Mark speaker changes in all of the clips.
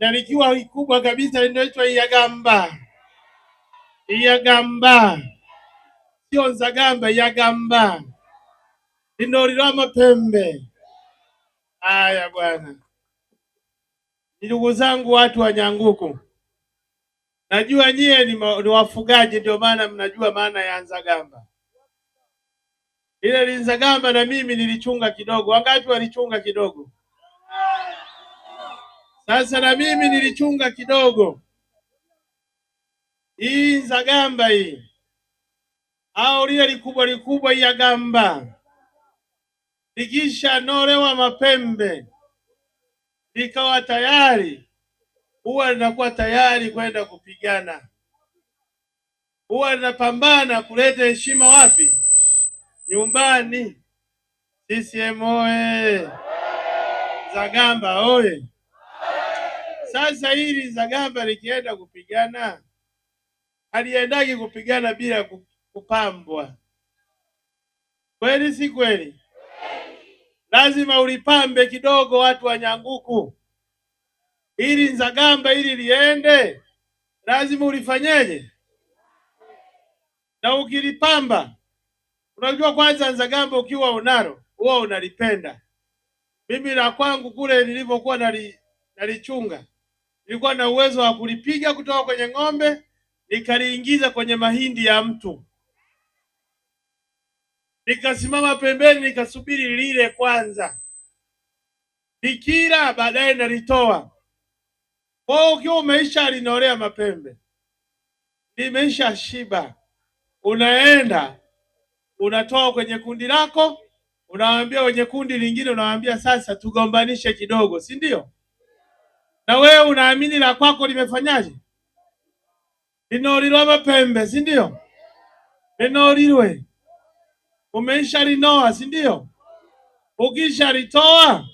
Speaker 1: na likiwa kubwa kabisa linaitwa iyagamba, iyagamba sio nzagamba, iyagamba lindolilwa mapembe haya bwana. Ndugu zangu, watu wa Nyanguku, najua nyie ni, ni wafugaji, ndio maana mnajua maana ya nzagamba. Ile linzagamba na mimi nilichunga kidogo. Wangapi walichunga kidogo? Sasa na mimi nilichunga kidogo hii nzagamba hii au lile likubwa likubwa ya gamba likisha nolewa mapembe likawa tayari, huwa linakuwa tayari kwenda kupigana, huwa linapambana kuleta heshima. Wapi? Nyumbani. CCM oye! Nzagamba oye! Sasa hili Zagamba likienda kupigana, haliendagi kupigana bila kupambwa, kweli si kweli? Lazima ulipambe kidogo, watu wa Nyanguku, ili Nzagamba ili liende, lazima ulifanyeje? Na ukilipamba, unajua kwanza, Nzagamba ukiwa unalo huwa unalipenda. Mimi la kwangu kule nilivyokuwa nalichunga nilikuwa na uwezo wa kulipiga kutoka kwenye ng'ombe nikaliingiza kwenye mahindi ya mtu, nikasimama pembeni nikasubiri lile kwanza, nikila baadaye nalitoa. Kwa ukiwa umeisha linolea mapembe, limeisha shiba, unaenda unatoa kwenye kundi lako, unawaambia wenye kundi lingine, unawaambia sasa tugombanishe kidogo, si ndio? na wewe unaamini la kwako limefanyaje? Linaolilwa mapembe, si ndio? Linaolilwe umeisha linoa, si ndio? Ukisha litoa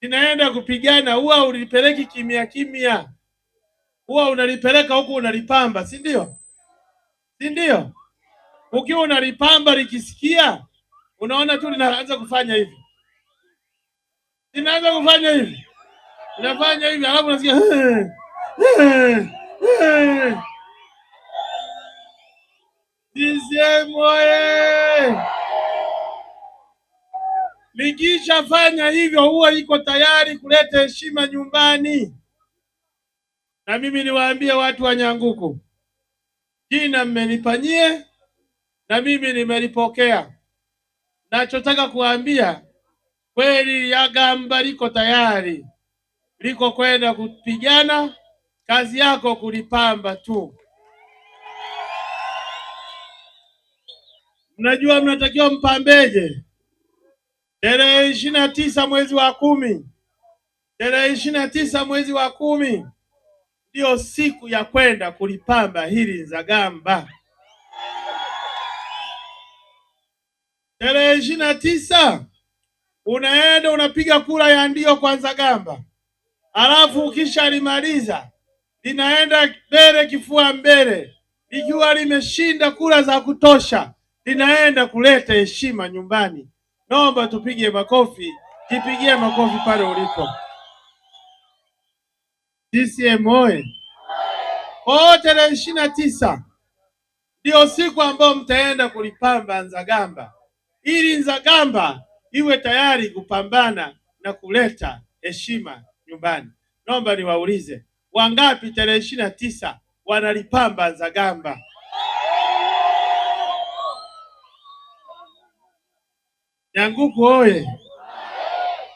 Speaker 1: linaenda kupigana, huwa ulipeleki kimya kimya, huwa unalipeleka huku unalipamba, si ndio? si ndio? Ukiwa unalipamba likisikia, unaona tu linaanza kufanya hivi, linaanza kufanya hivi inafanya hivi, alafu unasikia CCM oye! Nikishafanya hivyo huwa iko tayari kuleta heshima nyumbani. Na mimi niwaambie watu wa Nyanguku, jina mmenipanyie na mimi nimelipokea. Nachotaka kuambia kweli, gamba liko tayari kuliko kwenda kupigana. Kazi yako kulipamba tu. Mnajua mnatakiwa mpambeje? Tarehe ishirini na tisa mwezi wa kumi, tarehe ishirini na tisa mwezi wa kumi ndiyo siku ya kwenda kulipamba hili Nzagamba. Tarehe ishirini na tisa unaenda unapiga kura ya ndio kwa Nzagamba halafu ukisha limaliza linaenda mbele kifua mbele, likiwa limeshinda kura za kutosha, linaenda kuleta heshima nyumbani. Naomba tupige makofi, jipigie makofi pale ulipo. CCM oye! Kwa tarehe ishirini na tisa ndio siku ambayo mtaenda kulipamba Nzagamba ili Nzagamba iwe tayari kupambana na kuleta heshima nyumbani. Naomba niwaulize wangapi tarehe ishirini na tisa wanalipamba Nzagamba? Nyanguku oye!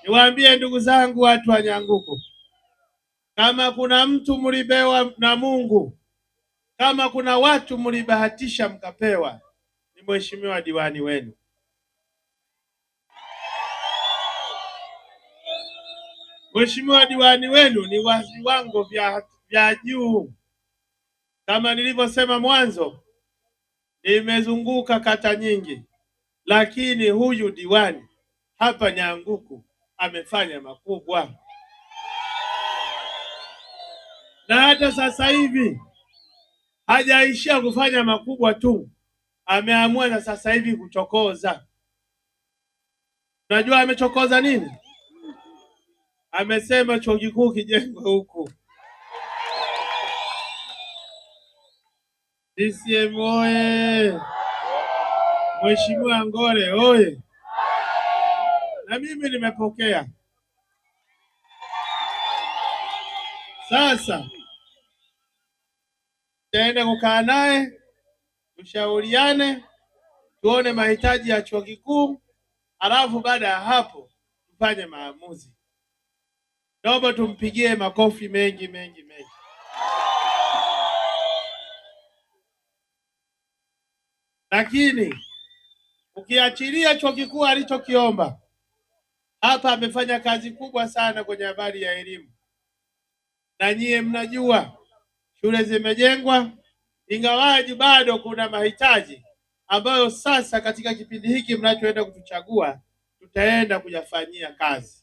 Speaker 1: Niwaambie ndugu zangu, watu wa Nyanguku, kama kuna mtu mlibewa na Mungu, kama kuna watu mlibahatisha mkapewa, ni mheshimiwa diwani wenu. Mheshimiwa diwani wenu ni wa viwango vya, vya juu. Kama nilivyosema mwanzo, nimezunguka kata nyingi, lakini huyu diwani hapa Nyanguku amefanya makubwa, na hata sasa hivi hajaishia kufanya makubwa tu, ameamua na sasa hivi kuchokoza. Unajua amechokoza nini? amesema chuo kikuu kijengwe huku. CCM oye! Mheshimiwa Ngole oye! Na mimi nimepokea. Sasa taenda kukaa naye, mshauriane, tuone mahitaji ya chuo kikuu, halafu baada ya hapo tufanye maamuzi. Naomba tumpigie makofi mengi mengi mengi. Lakini ukiachilia chuo kikuu alichokiomba hapa, amefanya kazi kubwa sana kwenye habari ya elimu, na nyie mnajua shule zimejengwa, ingawaji bado kuna mahitaji ambayo sasa katika kipindi hiki mnachoenda kutuchagua tutaenda kuyafanyia kazi.